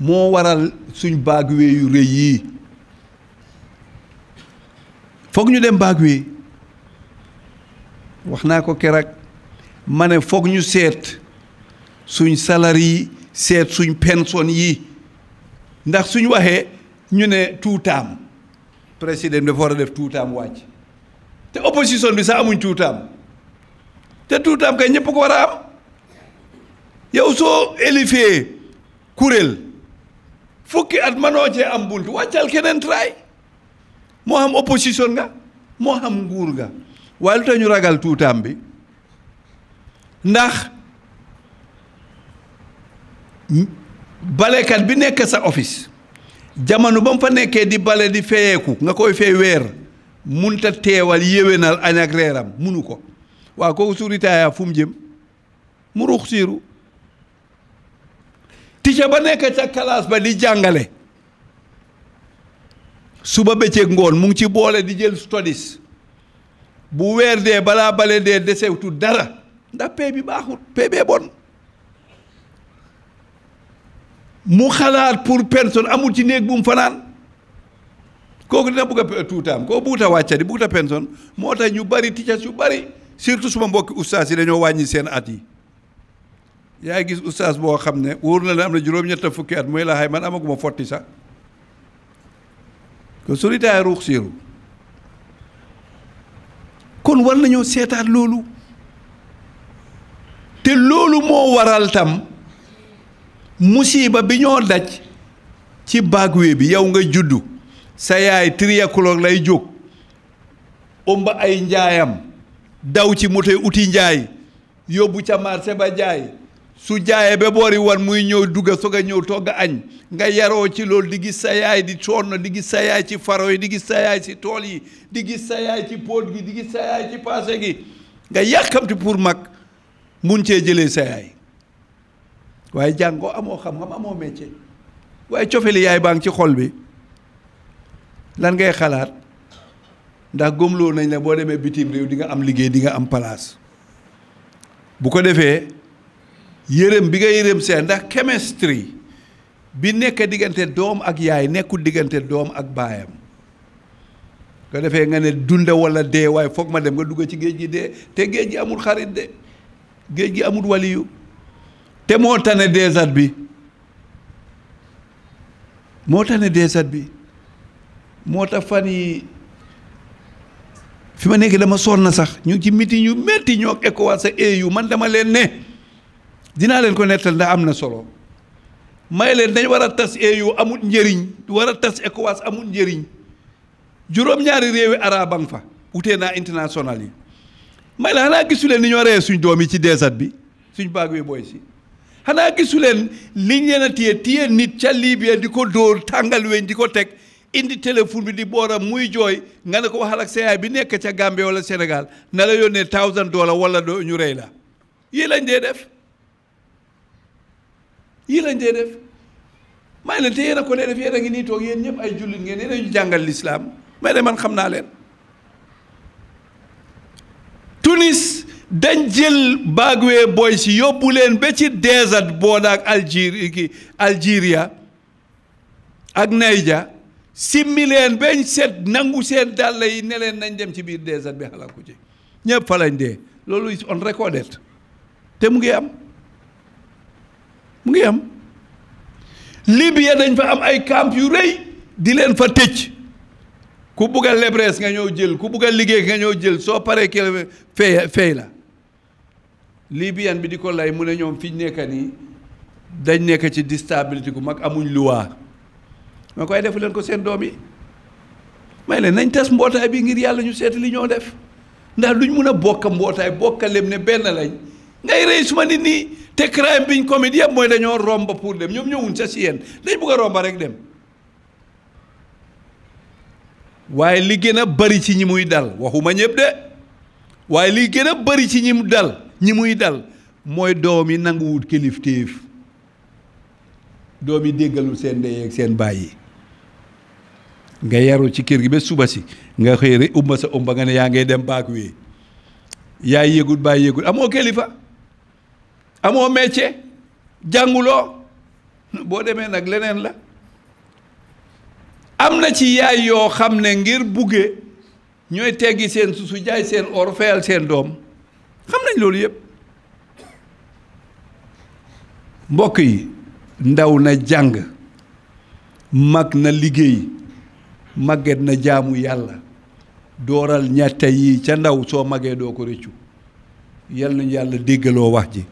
moo waral suñ baagwee yu rëy yii foog ñu dem baagwee wax naa ko keroog ma ne foog ñu seet suñ salaire yi seet suñ pension yii ndax suñ waxee ñu ne tuutaam président dafa war a def tuutaam wàcc te opposition bi sax amuñ tuutaam te tuutaam kay ñëpp ko war a am yow soo élifee kuréel fukki at manoo cee am bunt wàccal keneen try moo xam opposition nga moo xam nguur nga waaye lu tax ñu ragal tuutaam bi ndax balekat bi nekk sa ofis jamono ba mu fa nekkee di bale di feyeeku nga koy fey weer munta teewal yéwénal añ ak reeram munu ko waa kooku su fu mu jëm mu ruux siiru obligé ba nekk ca kalaas ba di jàngale suba bëccëg ngoon mu ngi ci boole di jël studies bu weer dee balaa bale dee desewtu dara ndax pay bi baaxul pay bee bon mu xalaat pour pension amul ci néeg bu mu fanaan kooku dina bugg a tuutaam koo buuta wàcca di buuta pension moo tax ñu bari teachers yu bari surtout suma mbokki ustaas yi dañoo wàññi seen at yi yaay gis oustaz boo xam ne wóor na la am na juróom-ñett fukki at mooy la xay man amaguma fotti sax kon solitaay ruux siiru kon war nañoo seetaan loolu te loolu moo waral tam musiba bi ñoo daj ci bagwe bi yow nga juddu sa yaay triakuloog lay jóg ëmb ay njaayam daw ci moto uti njaay yóbbu ca marché ba jaay su jaayee ba boori wan muy ñëw dugga soog a ñëw togg añ nga yaroo ci loolu di gis sa yaay di sonn di gis sa yaay ci faro yi di gis sa yaay ci tool yi di gis sa yaay ci póot gi di gis sa yaay ci paase gi nga yàkkamti pour mag mun cee jëlee sa yaay waaye jàngoo amoo xam-xam amoo métier waaye cofeli yaay baa ngi ci xol bi lan ngay xalaat ndax gëmloo nañ la boo demee bitim réew di nga am liggéey di nga am place bu ko defee yërëm bi nga yërëm seen ndax chemistry bi nekk diggante doom ak yaay nekkul diggante doom ak baayam nga defee nga ne dunda walla dee waaye foog ma dem nga dugg ci géej gi dee te géej gi amul xarit de géej gi amul waliyu te moo tane désert bi moo tane désert bi moo tax fan yi fi ma nekk dama sonn sax ñu ci miti yu métti ñoo ECOWAS sa eu man dama leen ne dinaa leen ko nettal ndax am na solo may leen dañ war a tas EU amul njëriñ war a tas ECOWAS amul njëriñ juróom-ñaari réewi arabang fa wutee naa international yi may la xanaa gisu leen ni ñoo reyee suñ doom yi ci desat bi suñ baag wi booy si xanaa gisu leen liñ leen a téye téye nit ca Libya di ko dóor tàngal weñ di ko teg indi téléphone bi di booram muy jooy nga ne ko waxal ak sa yaay bi nekk ca Gambie wala Sénégal na la yónnee thousand dollars wala doo ñu rey la yii lañ dee def yii lañ dee def may leen te yéen ko dee def yéen ngi nii toog yéen ñëpp ay jullit ngeen yéen ñu jàngal lislaam may leen man xam naa leen Tunis dañ jël Bagwe boy si yóbbu leen ba ci désert booda ak Algérie ki Algéria ak Niger simmi leen bañ set nangu seen dàll yi ne leen nañ dem ci biir désert bi xalaku ci ñëpp fa dee loolu is on recorded te mu ngi am mu ngi am Libye dañ fa am ay camp yu rëy di leen fa tëj ku bugg a lebrees nga ñëw jël ku bugga a liggéey nga ñëw jël soo paree kele fey fey la Libyen bi di ko lay mu ne ñoom fi ñu nekk nii dañ nekk ci déstabilité ku mag amuñ luwaa ma koy defu leen ko seen doom yi may leen nañ tas mbootaay bi ngir yàlla ñu seet li ñoo def ndax duñ mun a bokk mbootaay bokka lem ne benn lañ ngay rey suma nit nii te crime biñ commit yëpp mooy dañoo romba pour dem ñoom ñëwuñ sa si yéen dañ bëgg a romba dem waaye li gën a bari ci ñi muy dal waxuma ñëpp de waaye li gën a bari ci ñi mu dal ñi muy dal mooy doom yi nanguwut kilifteef doom yi déggalul seen ndey ak seen baay nga yaru ci kër gi ba suba si nga xëy rek umba sa umba nga ne yaa ngay dem baag wee yaay yëgut baay yëgut amoo kilifa amoo métier jànguloo boo demee nag leneen la am na ci yaay yoo xam ne ngir bugge ñooy teggi seen susu jaay seen or fayal seen doom xam nañ loolu yépp mbokk yi ndaw na jàng mag na liggéey màgget na jaamu yàlla dooral ñatta yi ca ndaw soo magee doo ko rëccu yal nañu yàlla déggaloo wax ji